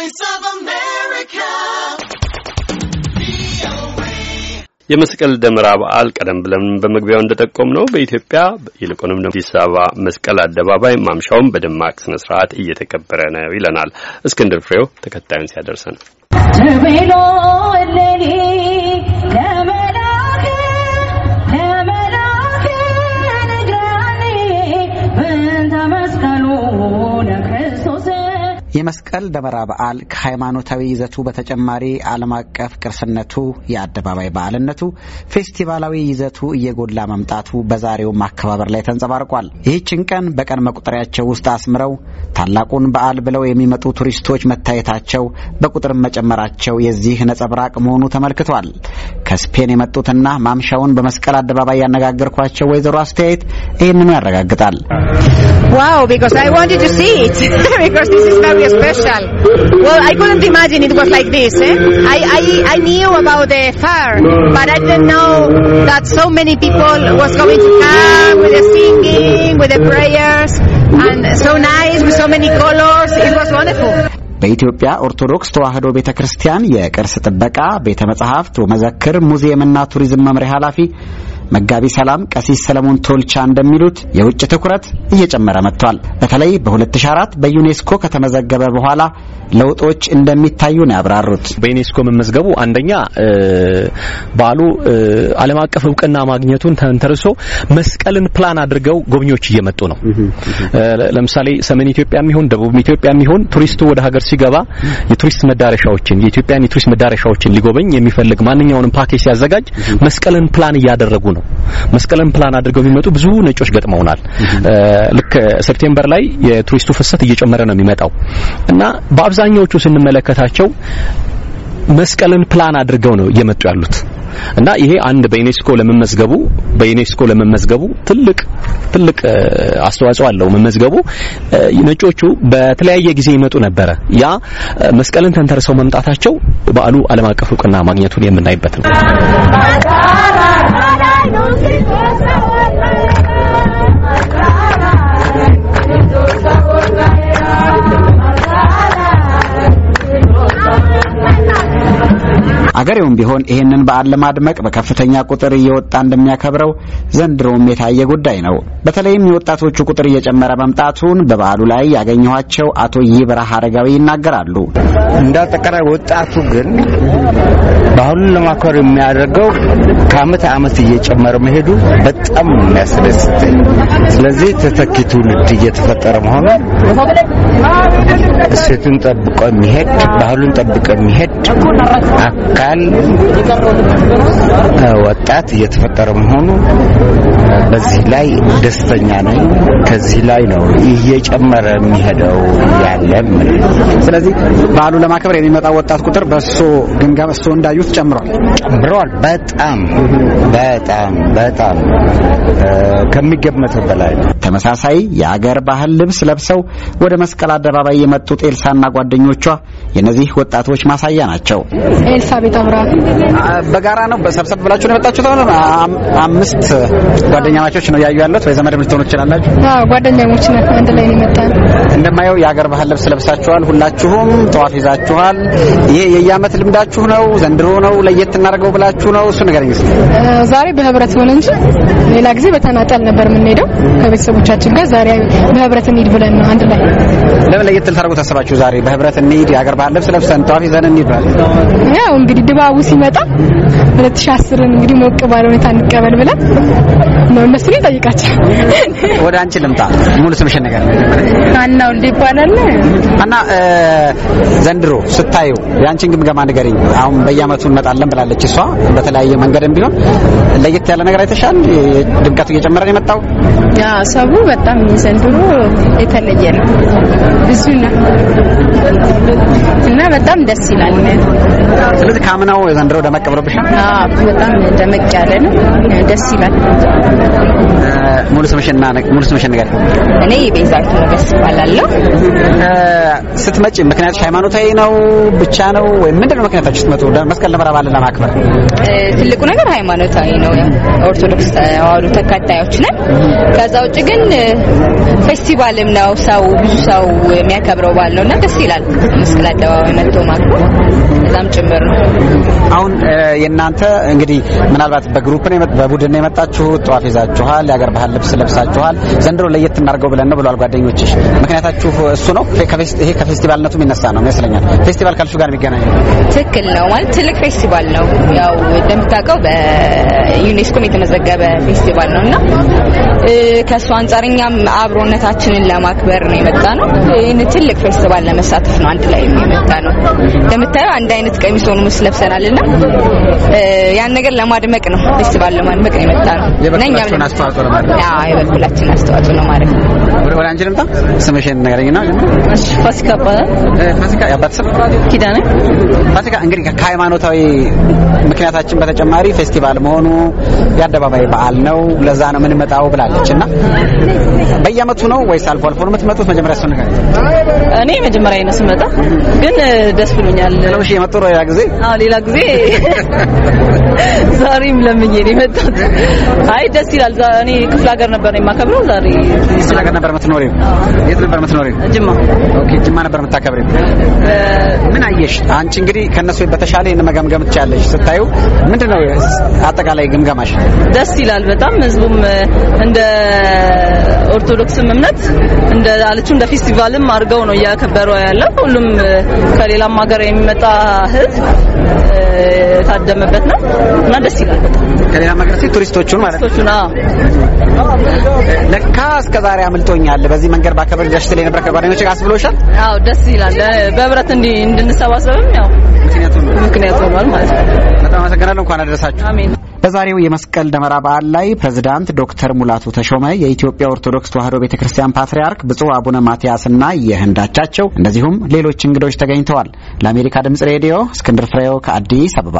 Voice of America. የመስቀል ደመራ በዓል ቀደም ብለን በመግቢያው እንደጠቆም ነው በኢትዮጵያ ይልቁንም አዲስ አበባ መስቀል አደባባይ ማምሻውን በደማቅ ስነ ስርዓት እየተከበረ ነው ይለናል እስክንድር ፍሬው ተከታዩን ሲያደርሰን የመስቀል ደመራ በዓል ከሃይማኖታዊ ይዘቱ በተጨማሪ ዓለም አቀፍ ቅርስነቱ፣ የአደባባይ በዓልነቱ፣ ፌስቲቫላዊ ይዘቱ እየጎላ መምጣቱ በዛሬውም አከባበር ላይ ተንጸባርቋል። ይህችን ቀን በቀን መቁጠሪያቸው ውስጥ አስምረው ታላቁን በዓል ብለው የሚመጡ ቱሪስቶች መታየታቸው፣ በቁጥርም መጨመራቸው የዚህ ነጸብራቅ መሆኑ ተመልክቷል። ከስፔን የመጡትና ማምሻውን በመስቀል አደባባይ ያነጋገርኳቸው ወይዘሮ አስተያየት ይህንኑ ያረጋግጣል። ዋው special. Well, I couldn't imagine it was like this. Eh? I, I, I knew about the fair, but I didn't know that so many people was going to come with the singing, with the prayers, and so nice with so many colors. It was wonderful. በኢትዮጵያ ኦርቶዶክስ ተዋሕዶ ቤተ ክርስቲያን የቅርስ ጥበቃ ቤተ መጻሕፍት ወመዘክር ሙዚየምና ቱሪዝም መምሪያ ኃላፊ መጋቢ ሰላም ቀሲስ ሰለሞን ቶልቻ እንደሚሉት የውጭ ትኩረት እየጨመረ መጥቷል። በተለይ በ2004 በዩኔስኮ ከተመዘገበ በኋላ ለውጦች እንደሚታዩ ነው ያብራሩት። በዩኔስኮ መመዝገቡ አንደኛ በዓሉ ዓለም አቀፍ እውቅና ማግኘቱን ተንተርሶ መስቀልን ፕላን አድርገው ጎብኚዎች እየመጡ ነው። ለምሳሌ ሰሜን ኢትዮጵያ የሚሆን ደቡብ ኢትዮጵያ የሚሆን ቱሪስቱ ወደ ሀገር ሲገባ የቱሪስት መዳረሻዎችን የኢትዮጵያን የቱሪስት መዳረሻዎችን ሊጎበኝ የሚፈልግ ማንኛውንም ፓኬጅ ሲያዘጋጅ መስቀልን ፕላን እያደረጉ ነው። ነው። መስቀልን ፕላን አድርገው ቢመጡ ብዙ ነጮች ገጥመውናል። ልክ ሴፕቴምበር ላይ የቱሪስቱ ፍሰት እየጨመረ ነው የሚመጣው እና በአብዛኛዎቹ ስንመለከታቸው መስቀልን ፕላን አድርገው ነው እየመጡ ያሉት እና ይሄ አንድ በዩኔስኮ ለመመዝገቡ በዩኔስኮ ለመመዝገቡ ትልቅ ትልቅ አስተዋጽኦ አለው። መመዝገቡ ነጮቹ በተለያየ ጊዜ ይመጡ ነበረ። ያ መስቀልን ተንተርሰው መምጣታቸው በዓሉ ዓለም አቀፍ እውቅና ማግኘቱን የምናይበት ነው። አገሬውም ቢሆን ይህንን በዓል ለማድመቅ በከፍተኛ ቁጥር እየወጣ እንደሚያከብረው ዘንድሮም የታየ ጉዳይ ነው። በተለይም የወጣቶቹ ቁጥር እየጨመረ መምጣቱን በበዓሉ ላይ ያገኘኋቸው አቶ ይብራህ አረጋዊ ይናገራሉ። እንደ ወጣቱ ግን ባህሉን ለማክበር የሚያደርገው ከአመት አመት እየጨመረ መሄዱ በጣም ያስደስት ስለዚህ ተተኪ ትውልድ እየተፈጠረ መሆኑ እሴቱን ጠብቆ የሚሄድ ባህሉን ጠብቆ የሚሄድ አካ ያህል ወጣት እየተፈጠረ መሆኑ በዚህ ላይ ደስተኛ ነኝ። ከዚህ ላይ ነው እየጨመረ የሚሄደው ያለ። ስለዚህ በዓሉ ለማክበር የሚመጣው ወጣት ቁጥር በእሱ ግምገማ እሱ እንዳዩት ጨምሯል ጨምሯል። በጣም በጣም በጣም ከሚገመተው በላይ ነው። ተመሳሳይ የአገር ባህል ልብስ ለብሰው ወደ መስቀል አደባባይ የመጡት ኤልሳና ጓደኞቿ የነዚህ ወጣቶች ማሳያ ናቸው። ኤልሳ ቤት በጋራ ነው በሰብሰብ ብላችሁ ነው የመጣችሁት? አሁን አምስት ጓደኛማቾች ነው ያዩ ያሉት ወይ ዘመድ ልትሆኑ ትችላላችሁ? አዎ ጓደኛሞች ነን፣ አንድ ላይ ነው የመጣን። እንደማየው የሀገር ባህል ልብስ ለብሳችኋል፣ ሁላችሁም ጠዋፍ ይዛችኋል። ይሄ የየአመት ልምዳችሁ ነው ዘንድሮ ነው ለየት እናደርገው ብላችሁ ነው? እሱ ነገር ይመስል ዛሬ በህብረት ሆነ እንጂ ሌላ ጊዜ በተናጠል ነበር የምንሄደው ከቤተሰቦቻችን ጋር። ዛሬ በህብረት እንሂድ ብለን ነው አንድ ላይ ለምን ለየት ልታደርጉ ታስባችሁ? ዛሬ በህብረት እንሂድ፣ የሀገር ባህል ልብስ ለብሰን ጠዋፍ ይዘን እንሂድ ያው እንግዲህ ድባቡ ሲመጣ 2010ን እንግዲህ ሞቅ ባለ ሁኔታ እንቀበል ብለን ነው እነሱን ጠይቃቸው። ወደ አንቺ ልምጣ። ሙሉ ስምሽን ነገር አና ወልድ ይባላል። አና ዘንድሮ ስታዩ የአንቺን ግምገማ ንገሪኝ። አሁን በየአመቱ እንመጣለን ብላለች እሷ በተለያየ መንገድም ቢሆን ለየት ያለ ነገር አይተሻል? ድምቀቱ እየጨመረ ነው የመጣው። ሰቡ በጣም ዘንድሮ የተለየ ነው። ብዙ ነው እና በጣም ደስ ይላል። ስለዚህ ከአምናው ዘንድሮ ደመቅ ብሎብሻል። በጣም ደመቅ ያለ ነው፣ ደስ ይላል። ሙሉ ስምሽና ሙሉ ስምሽ ንገሪኝ። እኔ ቤዛ ደስ ይባላለሁ። ስትመጪ ምክንያትሽ ሃይማኖታዊ ነው ብቻ ነው ወይም ምንድን ነው ምክንያታችሁ ስትመጡ መስቀል ደመራ በዓልን ለማክበር? ትልቁ ነገር ሃይማኖታዊ ነው። ኦርቶዶክስ ተዋህዶ ተከታዮች ነን። ከዛ ውጭ ግን ፌስቲቫልም ነው ሰው ብዙ ሰው የሚያከብረው ባለው ነው እና ደስ ይላል መስቀል አደባባይ መጥቶ ማክበር እዛም ጭምር ነው። አሁን የእናንተ እንግዲህ ምናልባት በግሩፕ ነው በቡድን ነው የመጣችሁት፣ ጠዋፍ ይዛችኋል፣ የሀገር ባህል ልብስ ለብሳችኋል። ዘንድሮ ለየት እናድርገው ብለን ነው ብሏል ጓደኞችሽ። ምክንያታችሁ እሱ ነው? ይሄ ከፌስቲቫልነቱ የሚነሳ ነው ይመስለኛል። ፌስቲቫል ካልሹ ጋር የሚገናኝ ነው። ትክክል ነው። ማለት ትልቅ ፌስቲቫል ነው። ያው እንደምታውቀው በዩኔስኮም የተመዘገበ ፌስቲቫል ነው እና ከእሱ አንጻር እኛም አብሮነታችንን ለማክበር ነው የመጣ ነው። ይህን ትልቅ ፌስቲቫል ለመሳተፍ ነው አንድ ላይ የመጣ ነው። እንደምታየው አንድ አይነት ቀሚስ ሆኖ ምስ ለብሰናል ያን ነገር ለማድመቅ ነው። ፌስቲቫል ለማድመቅ ነው የመጣ ነው። ብለን አስተዋጽኦ ለማድረግ አዎ፣ የበኩላችን አስተዋጽኦ ነው ማለት ነው። ወደ አንቺ ልምጣ። ስምሽን ንገረኝና። እሺ፣ ፋሲካ ይባላል። ፋሲካ ያባት ስም ኪዳኔ ፋሲካ እንግዲህ ከሃይማኖታዊ ምክንያታችን በተጨማሪ ፌስቲቫል መሆኑ የአደባባይ በዓል ነው፣ ለዛ ነው የምንመጣው ብላለች እና በየአመቱ ነው ወይስ አልፎ አልፎ ነው የምትመጡት? መጀመሪያ እሱን ንገረኝ። እኔ መጀመሪያ ነው ስመጣ፣ ግን ደስ ብሎኛል። ለምሽ የመጡ ሌላ ጊዜ አዎ፣ ሌላ ጊዜ ዛሬም ለምኜ ነው የመጣሁት። አይ ደስ ይላል። እኔ ክፍለ ሀገር ነበር የማከብረው። ዛሬ ክፍለ ሀገር ነበር የምትኖሪው? የት ነበር የምትኖሪው? ጅማ። ኦኬ፣ ጅማ ነበር የምታከብሪው። ምን አየሽ አንቺ? እንግዲህ ከነሱ በተሻለ ይሄን መገምገም ትችያለሽ። ስታዩ ምንድነው አጠቃላይ ግምገማሽ? ደስ ይላል በጣም ህዝቡም እንደ ኦርቶዶክስም እምነት እንደ አለችው እንደ ፌስቲቫልም አድርገው ነው እያከበረው ያለው። ሁሉም ከሌላም ሀገር የሚመጣ ህዝብ የታደመበት ነው እና ደስ ይላል። ከሌላ መቅረት ቱሪስቶቹን ማለት ነው። ለካ እስከ ዛሬ አምልጦኛል በዚህ መንገድ ባከበር ዳሽ ላይ ነበር ከጓደኞቼ ጋር አስብሎሻል። አዎ ደስ ይላል። በህብረት እንድንሰባሰብም ያው ምክንያት ሆኗል ማለት ነው። በጣም አመሰግናለሁ። እንኳን አደረሳችሁ። አሜን። በዛሬው የመስቀል ደመራ በዓል ላይ ፕሬዝዳንት ዶክተር ሙላቱ ተሾመ የኢትዮጵያ ኦርቶዶክስ ተዋሕዶ ቤተ ክርስቲያን ፓትርያርክ ብፁዕ አቡነ ማትያስና የህንዳቻቸው እንደዚሁም ሌሎች እንግዶች ተገኝተዋል። ለአሜሪካ ድምጽ ሬዲዮ እስክንድር ፍሬው ከአዲስ አበባ